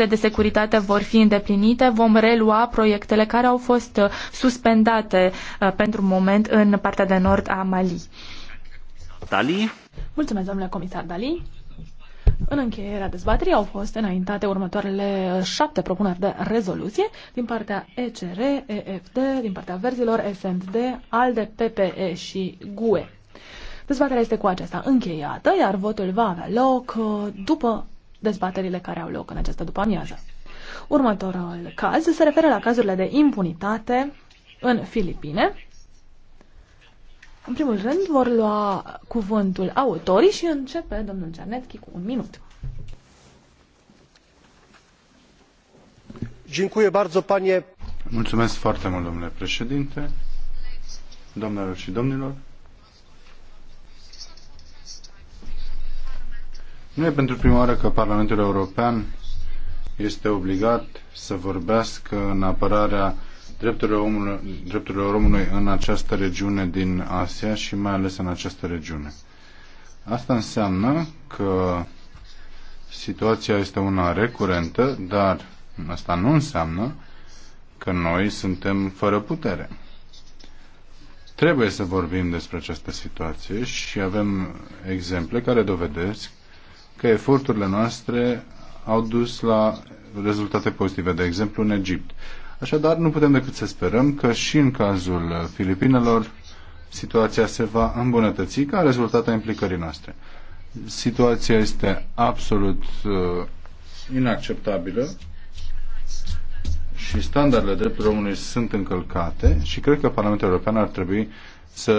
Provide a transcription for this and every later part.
condițiile de securitate vor fi îndeplinite, vom relua proiectele care au fost uh, suspendate uh, pentru moment în partea de nord a Mali. Dali. Mulțumesc, domnule comisar Dali. În încheierea dezbaterii au fost înaintate următoarele uh, șapte propuneri de rezoluție din partea ECR, EFD, din partea verzilor, SND, ALDE, PPE și GUE. Dezbaterea este cu aceasta încheiată, iar votul va avea loc după dezbaterile care au loc în această după-amiază. Următorul caz se referă la cazurile de impunitate în Filipine. În primul rând vor lua cuvântul autorii și începe domnul Cernetchi cu un minut. Mulțumesc foarte mult, domnule președinte, domnilor și domnilor. Nu e pentru prima oară că Parlamentul European este obligat să vorbească în apărarea drepturilor omului, drepturilor omului în această regiune din Asia și mai ales în această regiune. Asta înseamnă că situația este una recurentă, dar asta nu înseamnă că noi suntem fără putere. Trebuie să vorbim despre această situație și avem exemple care dovedesc că eforturile noastre au dus la rezultate pozitive, de exemplu în Egipt. Așadar, nu putem decât să sperăm că și în cazul Filipinelor situația se va îmbunătăți ca rezultat a implicării noastre. Situația este absolut uh, inacceptabilă și standardele drepturilor omului sunt încălcate și cred că Parlamentul European ar trebui să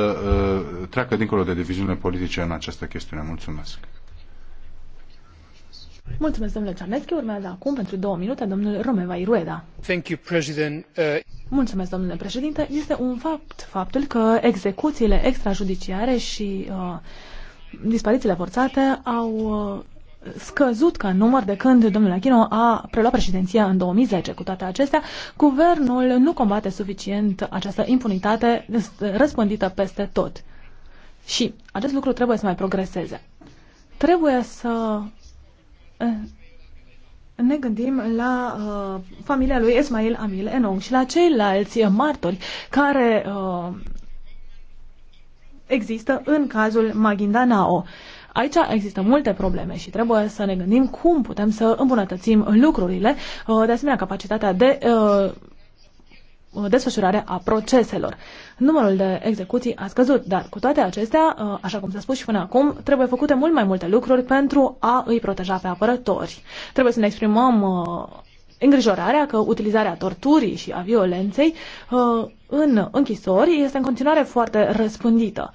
uh, treacă dincolo de diviziunile politice în această chestiune. Mulțumesc! Mulțumesc, domnule Cernescu. Urmează acum, pentru două minute, domnul Romeva Irueda. Thank you, President. Uh... Mulțumesc, domnule președinte. Este un fapt faptul că execuțiile extrajudiciare și uh, disparițiile forțate au uh, scăzut ca număr de când domnul Achino a preluat președinția în 2010. Cu toate acestea, guvernul nu combate suficient această impunitate răspândită peste tot. Și acest lucru trebuie să mai progreseze. Trebuie să Eh, ne gândim la uh, familia lui Esmail Amil Enon și la ceilalți martori care uh, există în cazul Maghindanao. Aici există multe probleme și trebuie să ne gândim cum putem să îmbunătățim lucrurile, uh, de asemenea capacitatea de uh, Uh, desfășurare a proceselor. Numărul de execuții a scăzut, dar cu toate acestea, uh, așa cum s-a spus și până acum, trebuie făcute mult mai multe lucruri pentru a îi proteja pe apărători. Trebuie să ne exprimăm uh, îngrijorarea că utilizarea torturii și a violenței în închisori este în continuare foarte răspândită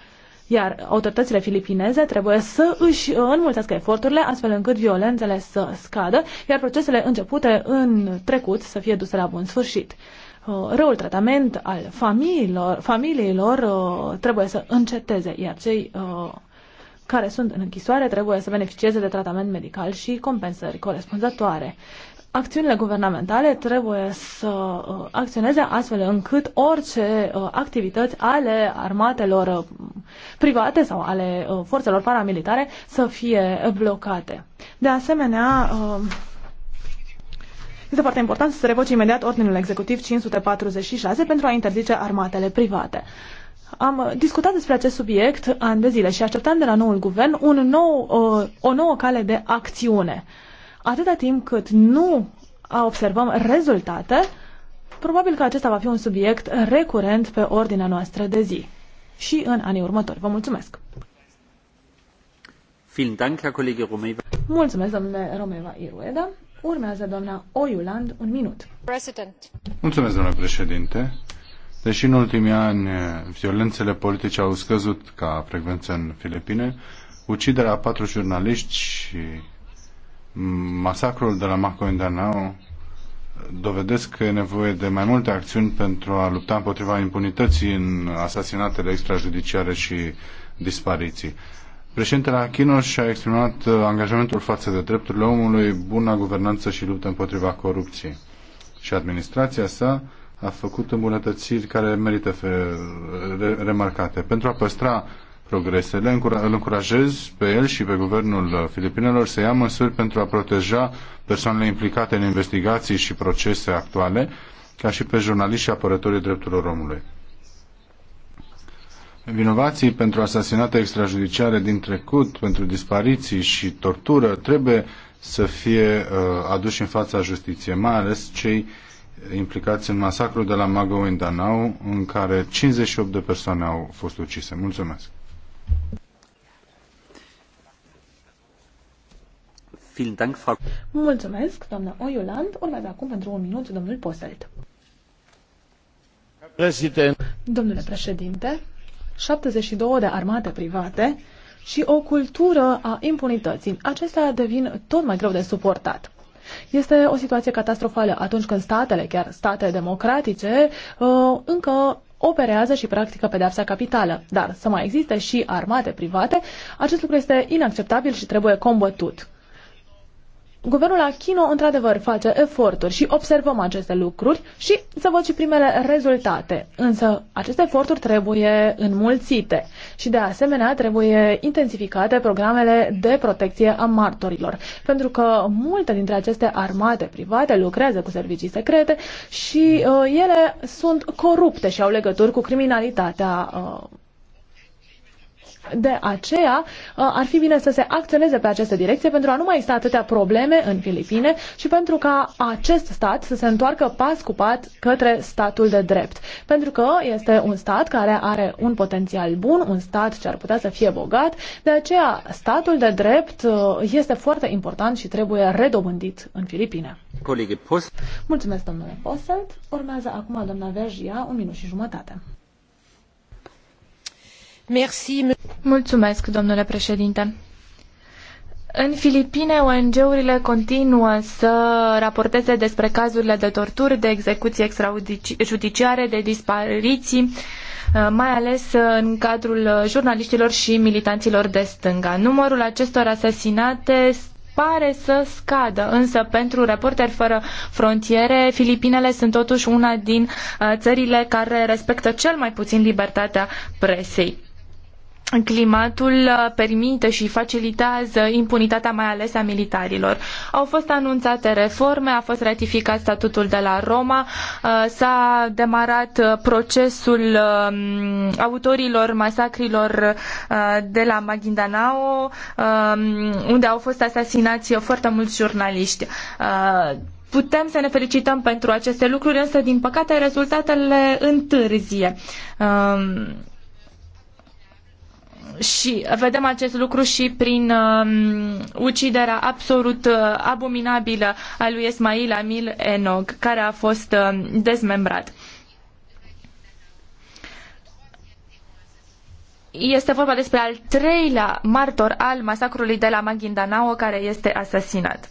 iar autoritățile filipineze trebuie să își înmulțească eforturile astfel încât violențele să scadă, iar procesele începute în trecut să fie duse la bun sfârșit. Uh, răul tratament al familiilor, familiilor uh, trebuie să înceteze, iar cei uh, care sunt în închisoare trebuie să beneficieze de tratament medical și compensări corespunzătoare. Acțiunile guvernamentale trebuie să acționeze astfel încât orice activități ale armatelor private sau ale forțelor paramilitare să fie blocate. De asemenea, este foarte important să se revoce imediat Ordinul Executiv 546 pentru a interzice armatele private. Am discutat despre acest subiect ani de zile și așteptam de la noul guvern un nou, uh, o, nouă cale de acțiune. Atâta timp cât nu observăm rezultate, probabil că acesta va fi un subiect recurent pe ordinea noastră de zi și în anii următori. Vă mulțumesc! Mulțumesc, domnule Romeva Irueda. Urmează doamna Oiuland, un minut. President. Mulțumesc, doamna președinte. Deși în ultimii ani eh, violențele politice au scăzut ca frecvență în Filipine, uciderea a patru jurnaliști și masacrul de la Macoindanao dovedesc că e nevoie de mai multe acțiuni pentru a lupta împotriva impunității în asasinatele extrajudiciare și dispariții. Președintele Achino și-a exprimat uh, angajamentul față de drepturile omului, buna guvernanță și luptă împotriva corupției. Și administrația sa a făcut îmbunătățiri care merită remarcate. Pentru a păstra progresele, îl încurajez pe el și pe guvernul uh, Filipinelor să ia măsuri pentru a proteja persoanele implicate în investigații și procese actuale, ca și pe jurnaliști și apărătorii drepturilor omului. Vinovații pentru asasinate extrajudiciare din trecut, pentru dispariții și tortură, trebuie să fie uh, aduși în fața justiției, mai ales cei implicați în masacrul de la Magoindanao, în care 58 de persoane au fost ucise. Mulțumesc! Mulțumesc, doamna Oiuland. Urmează acum pentru un minut domnul Poselt. Președinte. Domnule președinte, 72 de armate private și o cultură a impunității. Acestea devin tot mai greu de suportat. Este o situație catastrofală atunci când statele, chiar state democratice, uh, încă operează și practică pedepsa capitală. Dar să mai existe și armate private, acest lucru este inacceptabil și trebuie combătut. Guvernul Achino, într-adevăr, face eforturi și observăm aceste lucruri și să văd și primele rezultate. Însă, aceste eforturi trebuie înmulțite și, de asemenea, trebuie intensificate programele de protecție a martorilor, pentru că multe dintre aceste armate private lucrează cu servicii secrete și uh, ele sunt corupte și au legături cu criminalitatea uh, de aceea uh, ar fi bine să se acționeze pe această direcție pentru a nu mai sta atâtea probleme în Filipine și pentru ca acest stat să se întoarcă pas cu pas către statul de drept. Pentru că este un stat care are un potențial bun, un stat ce ar putea să fie bogat, de aceea statul de drept uh, este foarte important și trebuie redobândit în Filipine. Mulțumesc, domnule Posselt. Urmează acum doamna Vergia, un minut și jumătate. Mulțumesc, domnule președinte. În Filipine, ONG-urile continuă să raporteze despre cazurile de torturi, de execuții extrajudiciare, de dispariții, uh, mai ales în cadrul jurnaliștilor și militanților de stânga. Numărul acestor asasinate pare să scadă, însă pentru Reporteri Fără Frontiere, Filipinele sunt totuși una din uh, țările care respectă cel mai puțin libertatea presei climatul uh, permite și facilitează impunitatea mai ales a militarilor. Au fost anunțate reforme, a fost ratificat statutul de la Roma, uh, s-a demarat uh, procesul um, autorilor masacrilor de la Maguindanao, um, unde au fost asasinați foarte mulți jurnaliști. Putem să ne felicităm pentru aceste lucruri, însă, din păcate, rezultatele întârzie. Um, și vedem acest lucru și prin um, uciderea absolut uh, abominabilă a lui Esmail Amil Enog, care a fost um, dezmembrat. Este vorba despre al treilea martor al masacrului de la Maguindanao care este asasinat.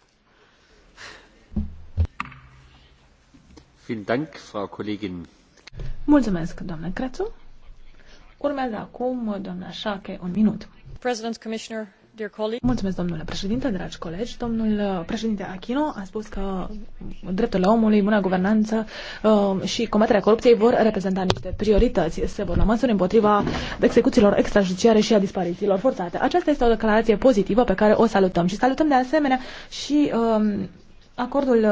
Mulțumesc, Urmează acum doamna Șache, un minut. Mulțumesc, domnule președinte, dragi colegi. Domnul uh, președinte Achino a spus că uh, drepturile omului, bună guvernanță uh, și combaterea corupției vor reprezenta niște priorități. Se vor lua măsuri împotriva execuțiilor extrajudiciare și a disparițiilor forțate. Aceasta este o declarație pozitivă pe care o salutăm și salutăm de asemenea și um, acordul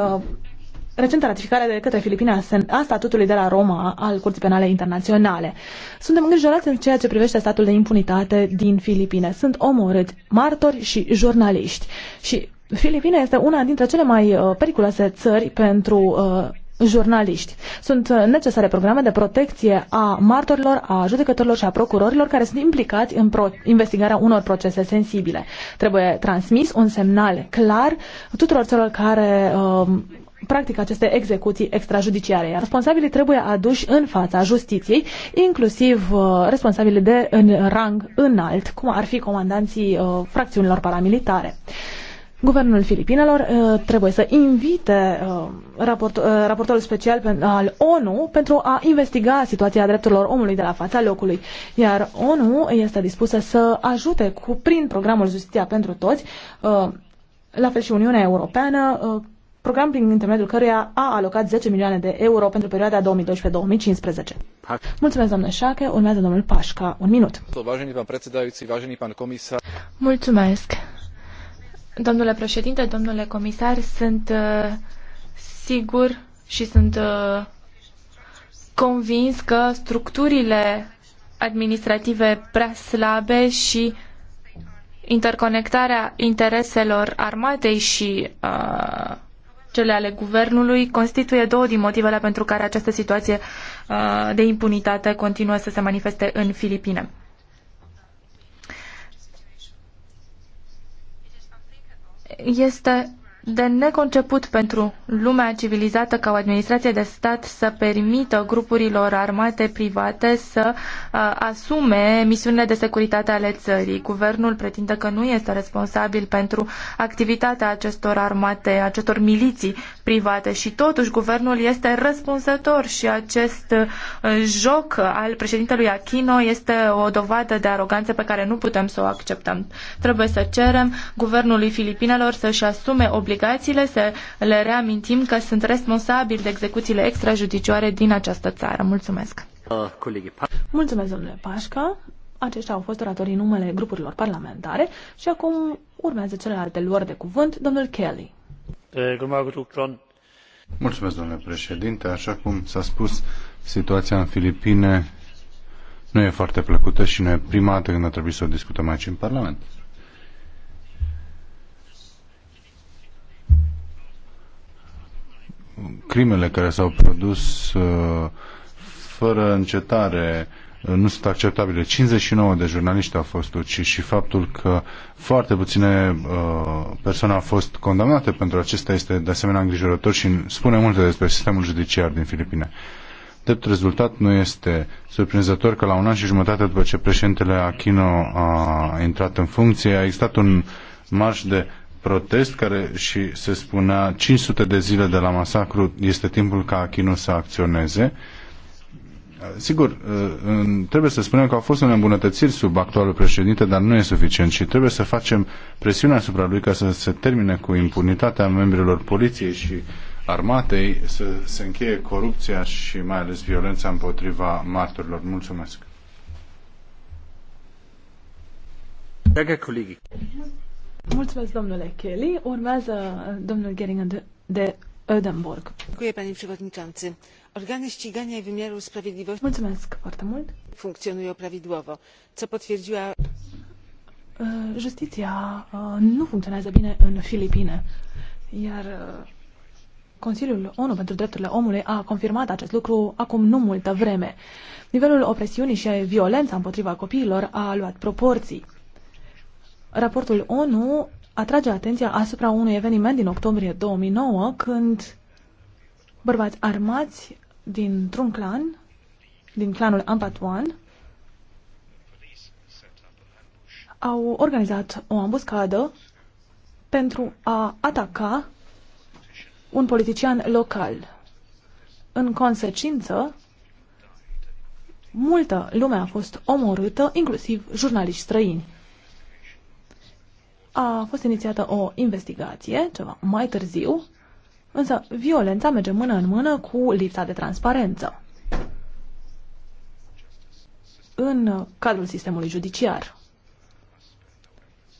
recentă ratificare de către Filipina a statutului de la Roma al Curții Penale Internaționale. Suntem îngrijorați în ceea ce privește statul de impunitate din Filipine. Sunt omorâți martori și jurnaliști. Și Filipina este una dintre cele mai uh, periculoase țări pentru uh, jurnaliști. Sunt uh, necesare programe de protecție a martorilor, a judecătorilor și a procurorilor care sunt implicați în pro- investigarea unor procese sensibile. Trebuie transmis un semnal clar tuturor celor care uh, practic aceste execuții extrajudiciare, iar responsabilii trebuie aduși în fața justiției, inclusiv uh, responsabili de în rang înalt, cum ar fi comandanții uh, fracțiunilor paramilitare. Guvernul Filipinelor uh, trebuie să invite uh, raport, uh, raportorul special pe, al ONU pentru a investiga situația drepturilor omului de la fața locului, iar ONU este dispusă să ajute cu, prin programul Justiția pentru Toți, uh, la fel și Uniunea Europeană, uh, program prin intermediul căruia a alocat 10 milioane de euro pentru perioada 2012-2015. Mulțumesc, domnule Șache. Urmează domnul Pașca. Un minut. Mulțumesc. Domnule președinte, domnule comisar, sunt uh, sigur și sunt uh, convins că structurile administrative prea slabe și interconectarea intereselor armatei și uh, cele ale guvernului constituie două din motivele pentru care această situație uh, de impunitate continuă să se manifeste în Filipine. Este de neconceput pentru lumea civilizată ca o administrație de stat să permită grupurilor armate private să uh, asume misiunile de securitate ale țării. Guvernul pretinde că nu este responsabil pentru activitatea acestor armate, acestor miliții private și totuși guvernul este răspunsător și acest uh, joc al președintelui Aquino este o dovadă de aroganță pe care nu putem să o acceptăm. Trebuie să cerem guvernului Filipinelor să-și asume obligația obligațiile, să le reamintim că sunt responsabili de execuțiile extrajudicioare din această țară. Mulțumesc! Mulțumesc, domnule Pașca! Aceștia au fost oratorii numele grupurilor parlamentare și acum urmează celelalte luări de cuvânt, domnul Kelly. Mulțumesc, domnule președinte. Așa cum s-a spus, situația în Filipine nu e foarte plăcută și nu e prima dată când a trebuit să o discutăm aici în Parlament. crimele care s-au produs uh, fără încetare uh, nu sunt acceptabile. 59 de jurnaliști au fost uciși și faptul că foarte puține uh, persoane au fost condamnate pentru acesta este de asemenea îngrijorător și spune multe despre sistemul judiciar din Filipine. Drept rezultat, nu este surprinzător că la un an și jumătate după ce președintele Aquino a intrat în funcție, a existat un marș de protest care și se spunea 500 de zile de la masacru este timpul ca Achinu să acționeze. Sigur, trebuie să spunem că au fost un îmbunătățiri sub actualul președinte, dar nu e suficient și trebuie să facem presiunea asupra lui ca să se termine cu impunitatea membrilor poliției și armatei, să se încheie corupția și mai ales violența împotriva martorilor. Mulțumesc! Dragă colegi, Mulțumesc, domnule Kelly. Urmează uh, domnul Gering de Ödenborg. Panie Przewodniczący. Organy ścigania i wymiaru sprawiedliwości Mulțumesc mult. funkcjonują prawidłowo, co potwierdziła... Uh, justiția uh, nu funcționează bine în Filipine, iar Consiliul ONU pentru Drepturile Omului a confirmat acest lucru acum nu multă vreme. Nivelul opresiunii și violența împotriva copiilor a luat proporții. Raportul ONU atrage atenția asupra unui eveniment din octombrie 2009 când bărbați armați dintr-un clan, din clanul Ampatuan, au organizat o ambuscadă pentru a ataca un politician local. În consecință, multă lume a fost omorâtă, inclusiv jurnaliști străini a fost inițiată o investigație, ceva mai târziu, însă violența merge mână în mână cu lipsa de transparență în cadrul sistemului judiciar.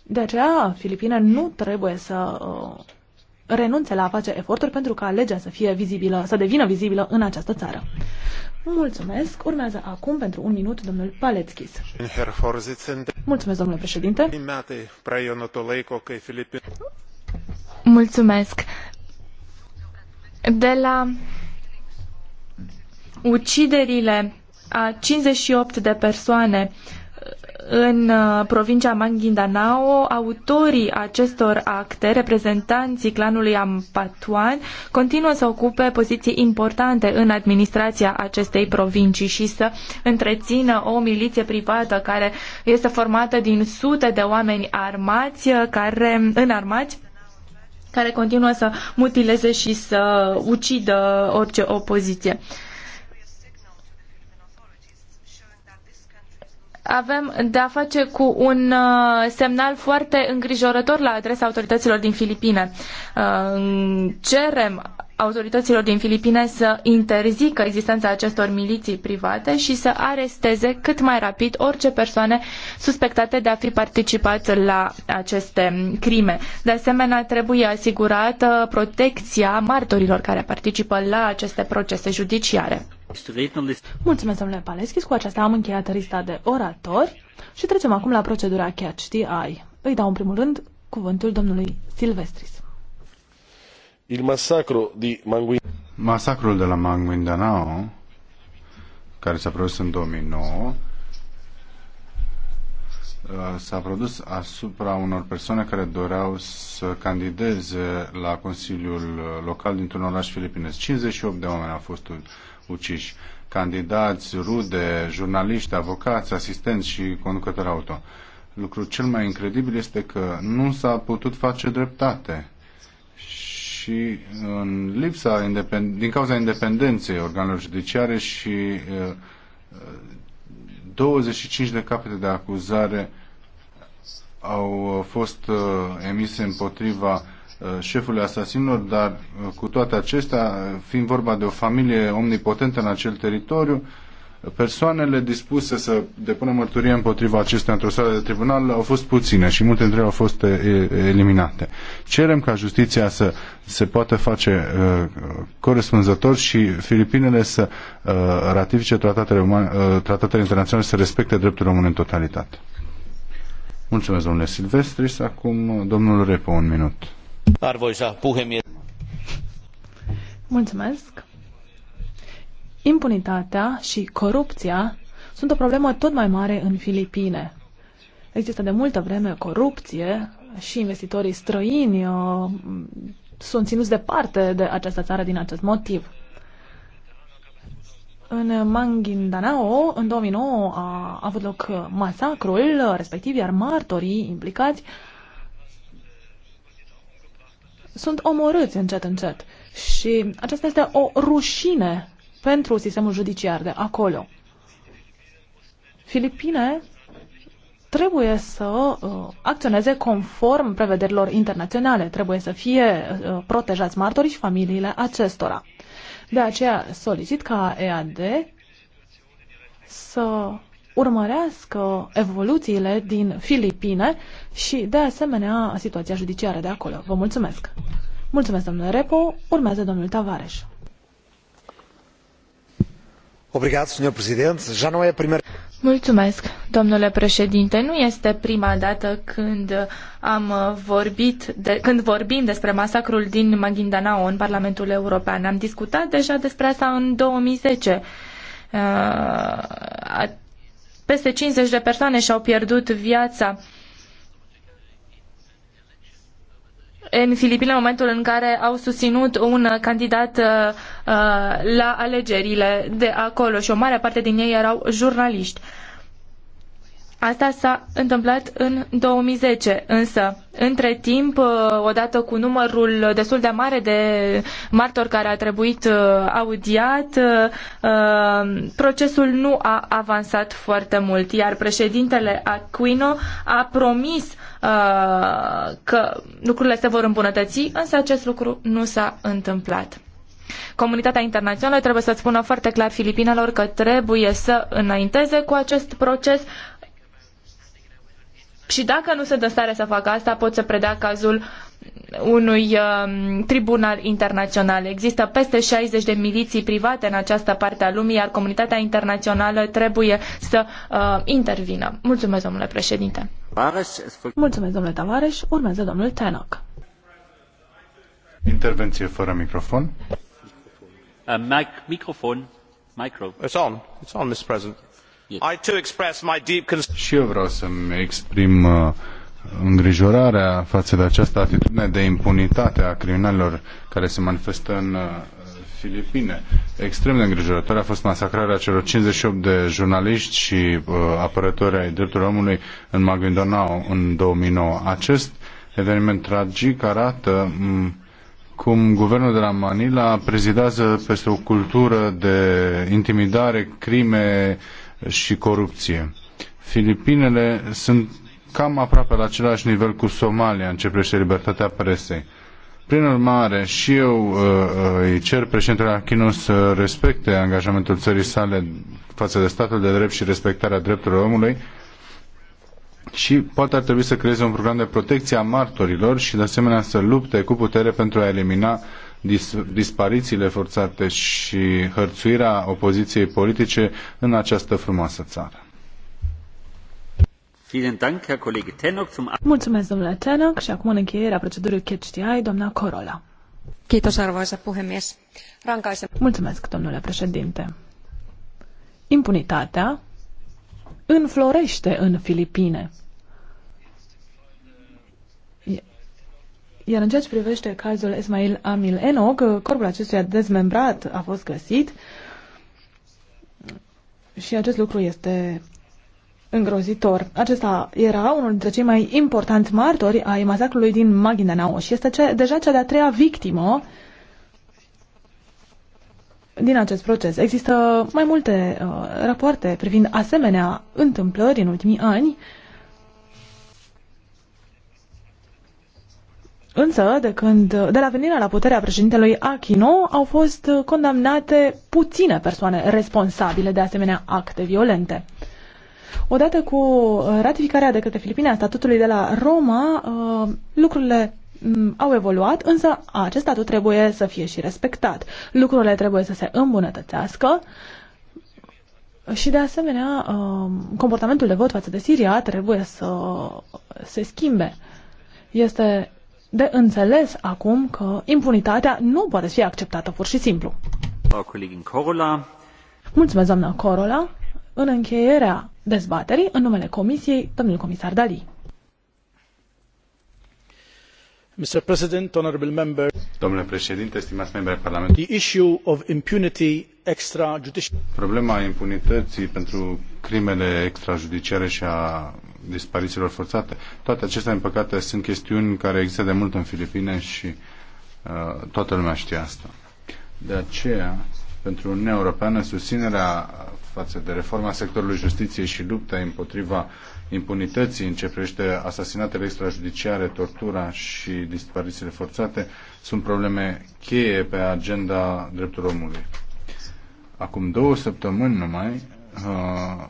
De aceea, Filipine nu trebuie să uh, renunțe la a face eforturi pentru ca legea să fie vizibilă, să devină vizibilă în această țară. Mulțumesc. Urmează acum pentru un minut domnul Paleckis. Mulțumesc, domnule președinte. Mulțumesc. De la uciderile a 58 de persoane în uh, provincia Manghindanao, autorii acestor acte, reprezentanții clanului Ampatuan, continuă să ocupe poziții importante în administrația acestei provincii și să întrețină o miliție privată care este formată din sute de oameni armați, uh, care, înarmați, care continuă să mutileze și să ucidă orice opoziție. avem de-a face cu un uh, semnal foarte îngrijorător la adresa autorităților din Filipine. Uh, cerem autorităților din Filipine să interzică existența acestor miliții private și să aresteze cât mai rapid orice persoane suspectate de a fi participat la aceste crime. De asemenea, trebuie asigurată protecția martorilor care participă la aceste procese judiciare. Mulțumesc, domnule Paleschis. Cu aceasta am încheiat lista de oratori și trecem acum la procedura Catch the Eye. Îi dau în primul rând cuvântul domnului Silvestris. Il masacro di Manguin... Masacrul de la Manguindanao, care s-a produs în 2009, uh, s-a produs asupra unor persoane care doreau să candideze la Consiliul Local dintr-un oraș filipinez. 58 de oameni au fost uciși, candidați, rude, jurnaliști, avocați, asistenți și conducători auto. Lucrul cel mai incredibil este că nu s-a putut face dreptate și în lipsa din cauza independenței organelor judiciare și uh, 25 uh, de capete de acuzare au fost uh, emise împotriva Uh, șefului asasinilor, dar uh, cu toate acestea, fiind vorba de o familie omnipotentă în acel teritoriu, persoanele dispuse să depună mărturie împotriva acestea într-o sală de tribunal au fost puține și multe dintre ele au fost uh, eliminate. Cerem ca justiția să se poată face uh, corespunzător și Filipinele să uh, ratifice tratatele, umane, uh, tratatele internaționale să respecte dreptul român în totalitate. Mulțumesc, domnule Silvestris. Acum, domnul Repo, un minut. Arvoisa puhemies. Mulțumesc. Impunitatea și corupția sunt o problemă tot mai mare în Filipine. Există de multă vreme corupție și investitorii străini uh, sunt ținuți departe de această țară din acest motiv. În Manguindanao, în 2009, a avut loc masacrul respectiv, iar martorii implicați sunt omorâți încet, încet. Și aceasta este o rușine pentru sistemul judiciar de acolo. Filipine trebuie să uh, acționeze conform prevederilor internaționale, trebuie să fie uh, protejați martorii și familiile acestora. De aceea solicit ca EAD să urmărească evoluțiile din Filipine și, de asemenea, situația judiciară de acolo. Vă mulțumesc! Mulțumesc, domnule Repo. Urmează domnul Tavares. Mulțumesc, domnule președinte. Nu este prima dată când am vorbit, de, când vorbim despre masacrul din Maguindanao în Parlamentul European. Am discutat deja despre asta în 2010. Uh, peste 50 de persoane și-au pierdut viața în Filipine în momentul în care au susținut un candidat uh, uh la alegerile de acolo și o mare parte din ei erau jurnaliști. Uh, Asta s-a întâmplat în 2010, însă între timp, uh, odată cu numărul destul de mare de martori care a trebuit uh, audiat, uh, procesul nu a avansat foarte mult, iar președintele Aquino a promis că lucrurile se vor îmbunătăți, însă acest lucru nu s-a întâmplat. Comunitatea internațională trebuie să spună foarte clar filipinelor că trebuie să înainteze cu acest proces și dacă nu sunt în stare să facă asta, pot să predea cazul unui um, tribunal internațional. Există peste 60 de miliții private în această parte a lumii, iar comunitatea internațională trebuie să uh, intervină. Mulțumesc, domnule președinte. Mulțumesc, domnule Tavares. Urmează domnul Tenoc. Intervenție fără microfon. Uh, microfon. Micro. It's on. It's on, Mr. President și eu vreau să-mi exprim uh, îngrijorarea față de această atitudine de impunitate a criminalilor care se manifestă în uh, Filipine. Extrem de îngrijorătoare a fost masacrarea celor 58 de jurnaliști și uh, apărători ai drepturilor omului în Maguindanao în 2009. Acest eveniment tragic arată mm, cum guvernul de la Manila prezidează peste o cultură de intimidare, crime, și corupție. Filipinele sunt cam aproape la același nivel cu Somalia în ce privește libertatea presei. Prin urmare, și eu uh, uh, îi cer președintele Achino să respecte angajamentul țării sale față de statul de drept și respectarea drepturilor omului și poate ar trebui să creeze un program de protecție a martorilor și de asemenea să lupte cu putere pentru a elimina uh, dis- disparițiile forțate și hărțuirea opoziției politice în această frumoasă țară. Mulțumesc, domnule Tannock, și acum în încheierea procedurii CHTI, doamna Corola. Mulțumesc, domnule președinte. Impunitatea înflorește în Filipine. Iar în ceea ce privește cazul Esmail Amil Enoch, corpul acestuia dezmembrat a fost găsit și acest lucru este îngrozitor. Acesta era unul dintre cei mai importanti martori ai masacrului din Maghindanao și este cea, deja cea de-a treia victimă din acest proces. Există mai multe uh, rapoarte privind asemenea întâmplări în ultimii ani uh, Însă, de, când, de la venirea la puterea președintelui Achino, au fost condamnate puține persoane responsabile de asemenea acte violente. Odată cu ratificarea de către Filipine a statutului de la Roma, uh, lucrurile mm, au evoluat, însă acest statut trebuie să fie și respectat. Lucrurile trebuie să se îmbunătățească și, de asemenea, uh, comportamentul de vot față de Siria trebuie să se schimbe. Este de înțeles acum că impunitatea nu poate fi acceptată pur și simplu. Mulțumesc, doamna Corola. În încheierea dezbaterii, în numele Comisiei, domnul comisar Dali. Mr. President, honorable member, Domnule președinte, stimați membri ai Parlamentului, the issue of impunity extrajudicial. Problema impunității pentru crimele extrajudiciare și a disparițiilor forțate. Toate acestea, în păcate, sunt chestiuni care există de mult în Filipine și uh, toată lumea știe asta. De aceea, pentru Uniunea Europeană, susținerea față de reforma sectorului justiției și lupta împotriva impunității în ce privește asasinatele extrajudiciare, tortura și disparițiile forțate sunt probleme cheie pe agenda drepturilor omului. Acum două săptămâni numai, uh,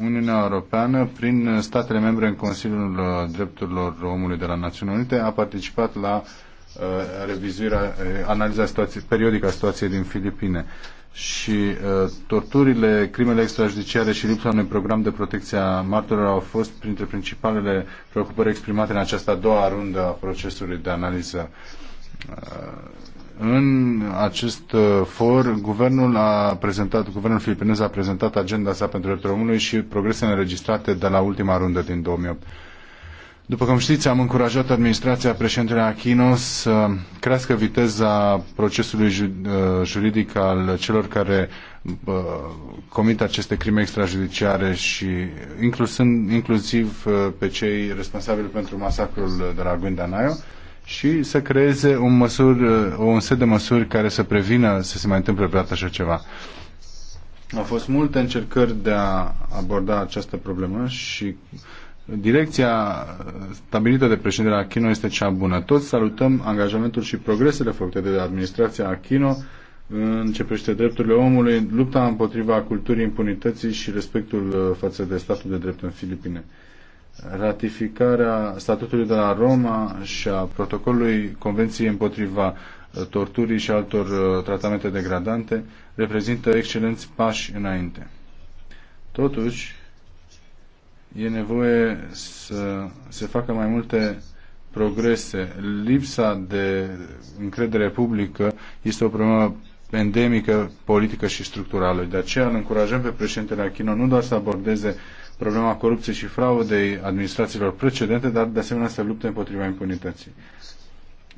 Uniunea Europeană, prin statele membre în Consiliul uh, Drepturilor Omului de la Națiunile Unite, a participat la uh, revizuirea, uh, analiza situației, periodică a situației din Filipine. Și uh, torturile, crimele extrajudiciare și lipsa unui program de protecție a martorilor au fost printre principalele preocupări exprimate în această a doua rundă a procesului de analiză. Uh, în acest uh, for, guvernul a prezentat, guvernul filipinez a prezentat agenda sa pentru drepturile omului și progresele înregistrate de la ultima rundă din 2008. După cum știți, am încurajat administrația președintelui Achino să crească viteza procesului uh, juridic al celor care uh, comit aceste crime extrajudiciare și inclusiv pe cei responsabili pentru masacrul de la Guindanaio și să creeze un, măsur, uh, un set de măsuri care să prevină să se mai întâmple vreodată așa ceva. Au fost multe încercări de a aborda această problemă și direcția uh, stabilită de președintele Achino este cea bună. Toți salutăm angajamentul și progresele făcute de administrația Achino în ce privește drepturile omului, lupta împotriva culturii impunității și respectul uh, față de statul de drept în Filipine ratificarea statutului de la Roma și a protocolului Convenției împotriva uh, torturii și altor uh, tratamente degradante reprezintă excelenți pași înainte. Totuși, e nevoie să se facă mai multe progrese. Lipsa de încredere publică este o problemă endemică, politică și structurală. De aceea îl încurajăm pe președintele Achino nu doar să abordeze problema corupției și fraudei administrațiilor precedente, dar de asemenea să lupte împotriva impunității.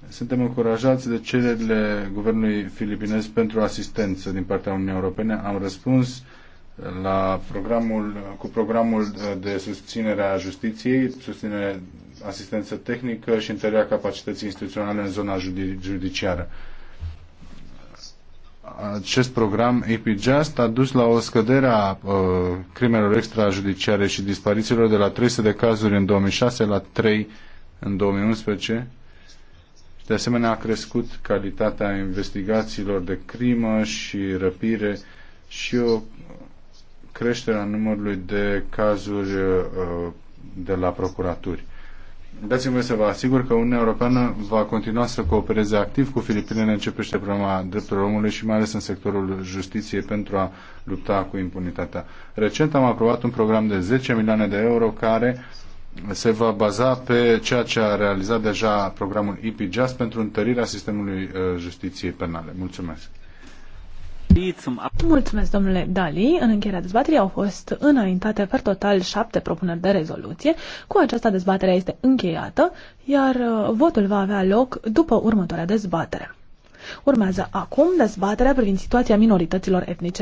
Suntem încurajați de cererile guvernului filipinez pentru asistență din partea Uniunii Europene. Am răspuns la programul, cu programul de susținere a justiției, susținere asistență tehnică și întărirea capacității instituționale în zona judiciară acest program EpiJust a dus la o scădere a uh, crimelor extrajudiciare și disparițiilor de la 300 de cazuri în 2006 la 3 în 2011. De asemenea, a crescut calitatea investigațiilor de crimă și răpire și o creștere a numărului de cazuri uh, de la procuraturi. Dați-mi să vă asigur că Uniunea Europeană va continua să coopereze activ cu Filipinele în ce privește problema drepturilor omului și mai ales în sectorul justiției pentru a lupta cu impunitatea. Recent am aprobat un program de 10 milioane de euro care se va baza pe ceea ce a realizat deja programul IPJAS pentru întărirea sistemului uh, justiției penale. Mulțumesc! Mulțumesc, domnule Dali. În încheierea dezbaterii au fost înaintate per total șapte propuneri de rezoluție. Cu aceasta dezbaterea este încheiată, iar uh, votul va avea loc după următoarea dezbatere. Urmează acum dezbaterea privind situația minorităților etnice.